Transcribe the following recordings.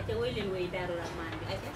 Aja wailin wai darul rahman bi aja.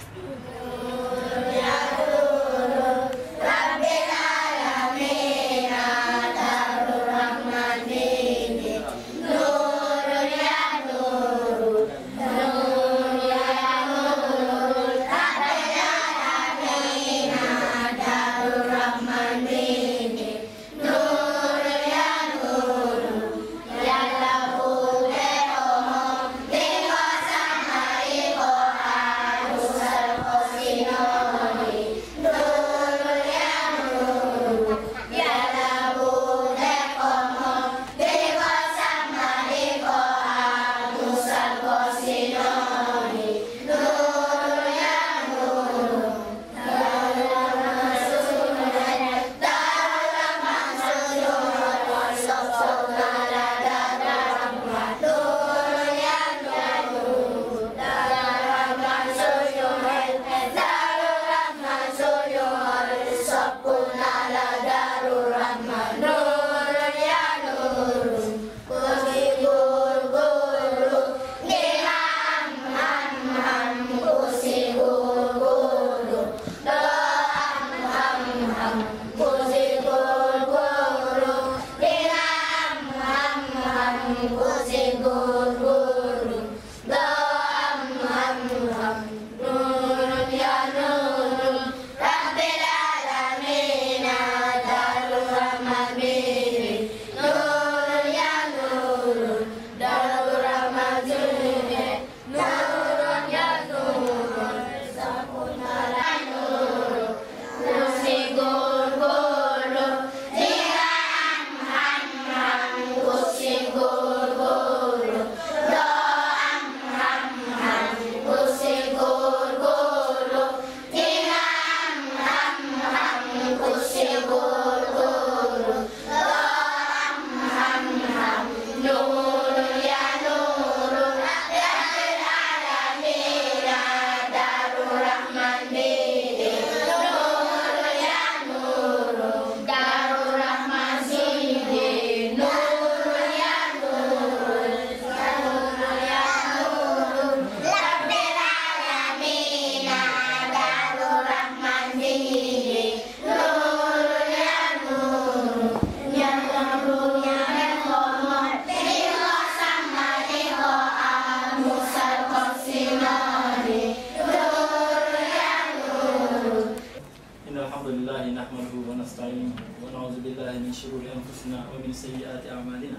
أنفسنا ومن سيئات أعمالنا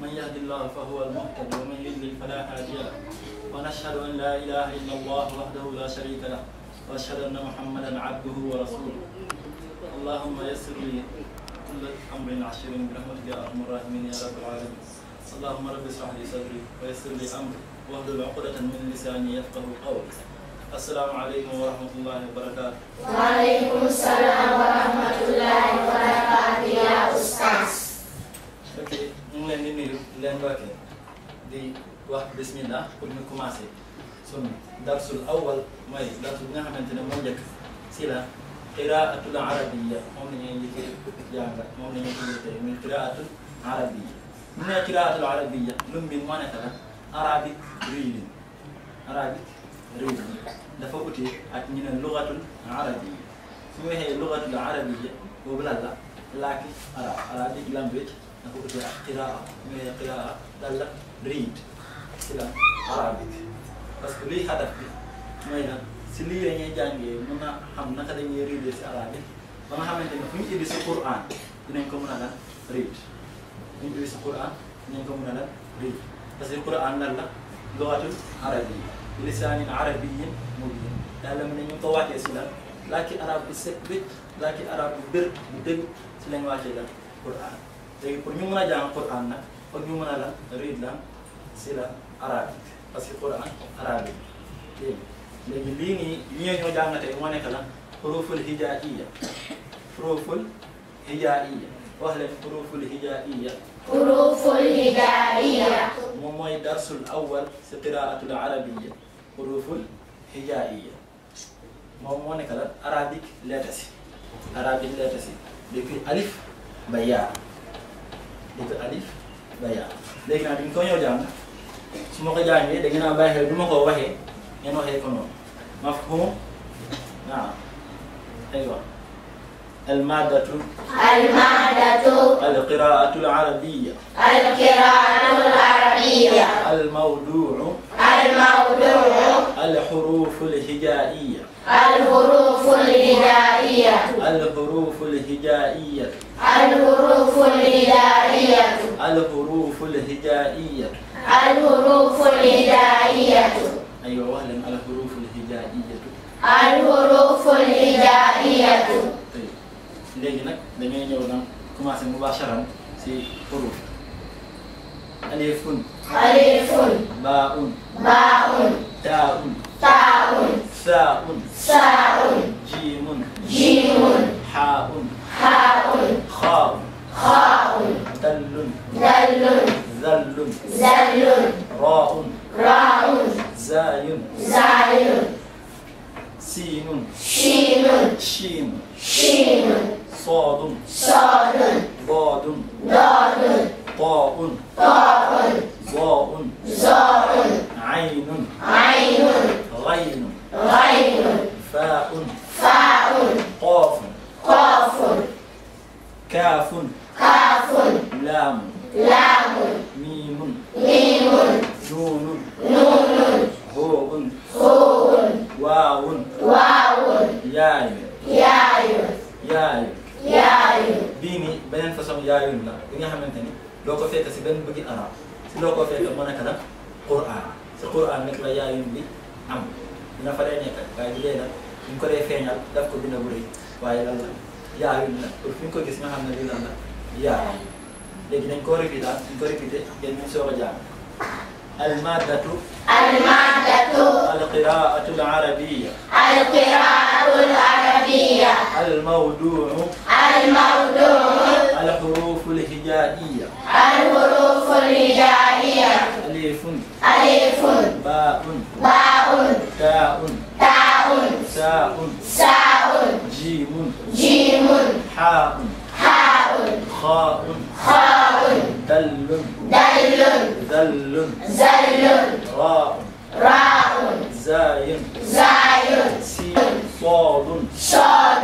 من يهد الله فهو المهتد ومن يضلل فلا هادي له ونشهد أن لا إله إلا الله وحده لا شريك له وأشهد أن محمدا عبده ورسوله اللهم يسر لي كل أمر عشر برحمتك يا أرحم الراحمين يا رب العالمين اللهم رب اشرح لي صدري ويسر لي أمري واهدل عقدة من لساني يفقه قولي السلام عليكم ورحمة الله وبركاته وعليكم السلام ورحمة الله وبركاته wax bismillah pour ñu commencer sun darsul awal mooy darsul bi nga xamante ne moo njëkk si la qiraatul arabiyya moom la ñuy njëkkee jàng moom la ñuy njëkkee muy qiraatul arabiyya mu ne qiraatul arabiyya lum bi moo nekk la arabic reading arabic reading dafa uti ak ñu ne lugatul arabiyya su ñu waxee lugatul arabiyya boobu lan la laaki arab arabic language dafa uti ak qiraa su ñu waxee qiraa lan la read sila arabic parce que luy xadaf bi mooy lan si lii la ñuy jàngee mën a xam naka dañuy riidee si arabic quran dinañ ko mën a lan riid quran dinañ ko mën read. lan riid quran lan la lugatul arabi lisaanin arabiyyin mubin yàlla mu quran quran arabique parce que quran arabique dégg nga léegi lii nii li ñoo ñoo jàng tey moo nekk la xuruful hijaiya xuruful hijaiya wax leen xuruful hijaiya xuruful hijaiya moom mooy darsul awal si alif ba yaa alif ba yaa léegi nag bi ko ñëw jàng su ma ko jàngee da ngeen a bàyyi xel du ma ko waxee ngeen waxee ko noonu mafhum naam aywa المادة المادة القراءة العربية القراءة العربية الموضوع الموضوع الحروف الهجائية الحروف الهجائية الحروف الهجائية الحروف الهجائية الحروف الهجائية الحروف الهجائية أيوة وهلا الحروف الهجائية الحروف الهجائية طيب لكن دعنا نجاوبنا كما مباشرة في حروف ألف ألف باء باء تاء تاء ساء ثاء جيم جيم حاء حاء خاء خاء دل دل Zellun. Zellun. Ra'un. Ra'un. Zayun. Zayun. Sinun. Şinun. Şin. Şinun. Sadun. Sadun. Dadun. Dadun. Ta'un. Ta'un. Za'un. Za'un. nga xamante ni doo arab si doo ko fekk Qur'an si Qur'an nag la yaayin bi am dina fa lay nekk waaye bi dee ñu ko dee feeñal daf ko bind bu rëy waaye lan la yaayin nag pour fi ko gis nga xam ne lan la yaayin léegi dañ koo répété daal ko répété ah, ñu soog المادة المادة القراءة العربية القراءة العربية الموضوع الموضوع الحروف الهجائية الحروف الهجائية ألف ألف باء باء تاء تاء ساء ساء جيم جيم حاء حاء خاء خاء دل دل ذل ذل راء راء زاي زاي صاد صاد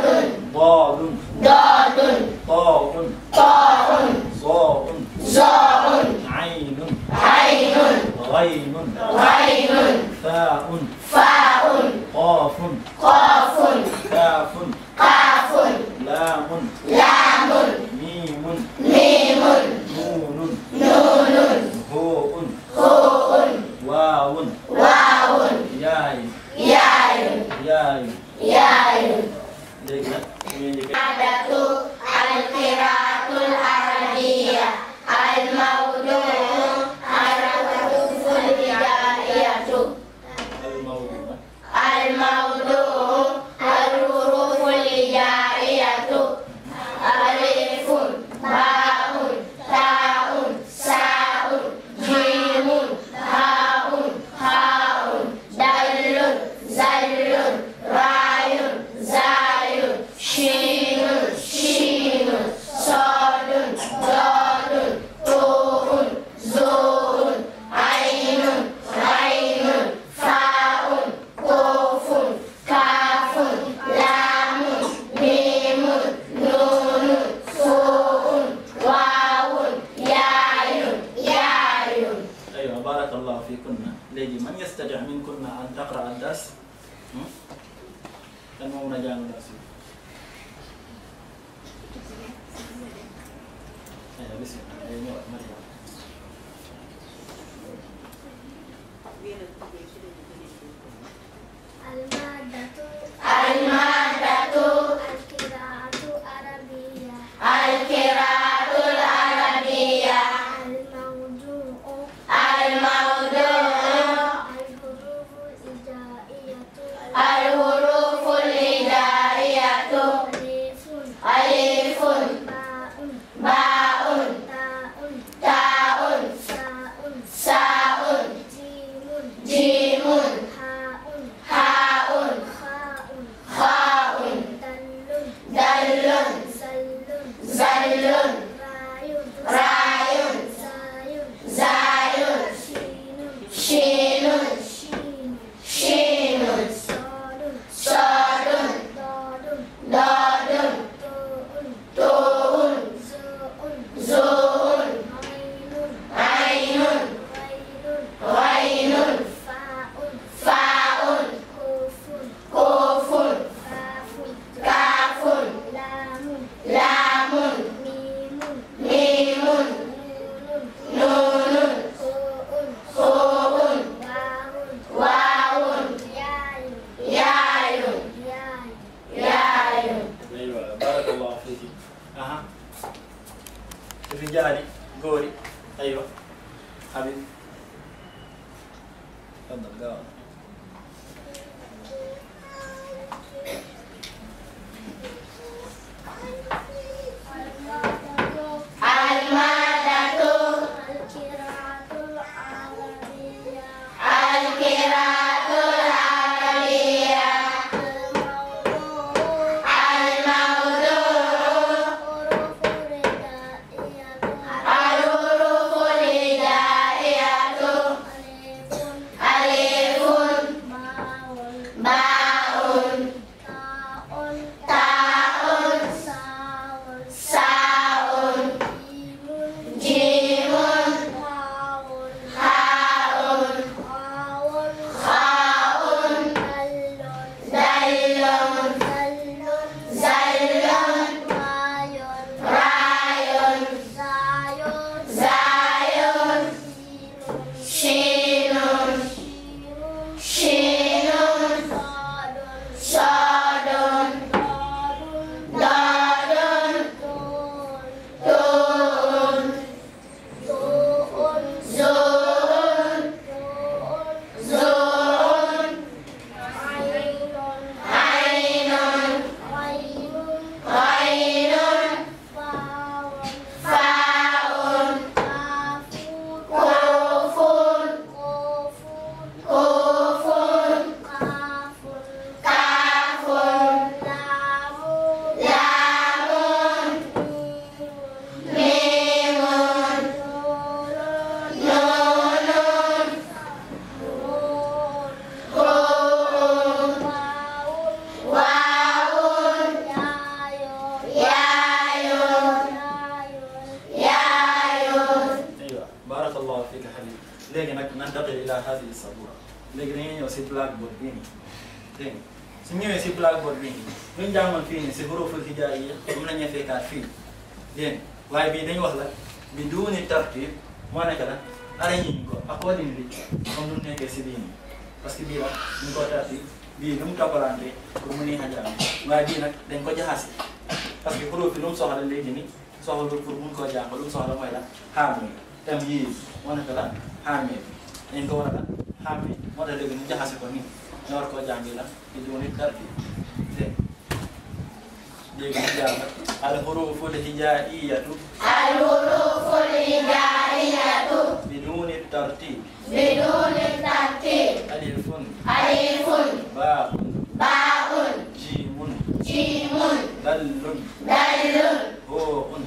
léegi man yastati' minkunna an taqra ad-dars hmm? kan moo mën a jàng dars bi aywa legreño si blackboard ini, dégg su si blackboard ini, luñ jàngoon fii si huruful hijaiya moom la ñuy fekkaat fii dégg waaye bii dañ wax la bi duuni tartib moo nekk la ara ñiñ ko according bi comme nu mu nekkee si bii nii parce que ko tartib bii nu mu toppalante pour mu neex a jàng waaye bii ko jaxase parce huruf ini lu mu soxla léegi nii soxalul pour ko xam ni moo jaxase ko nii ñu war koo jàngi la te jiw nit dara bi dégg nga léegi ñu jàll al hurufu al hijaiyatu al hurufu al hijaiyatu biduni tartib biduni tartib alifun alifun baaun baaun jiimun jiimun dallun dallun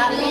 Amen.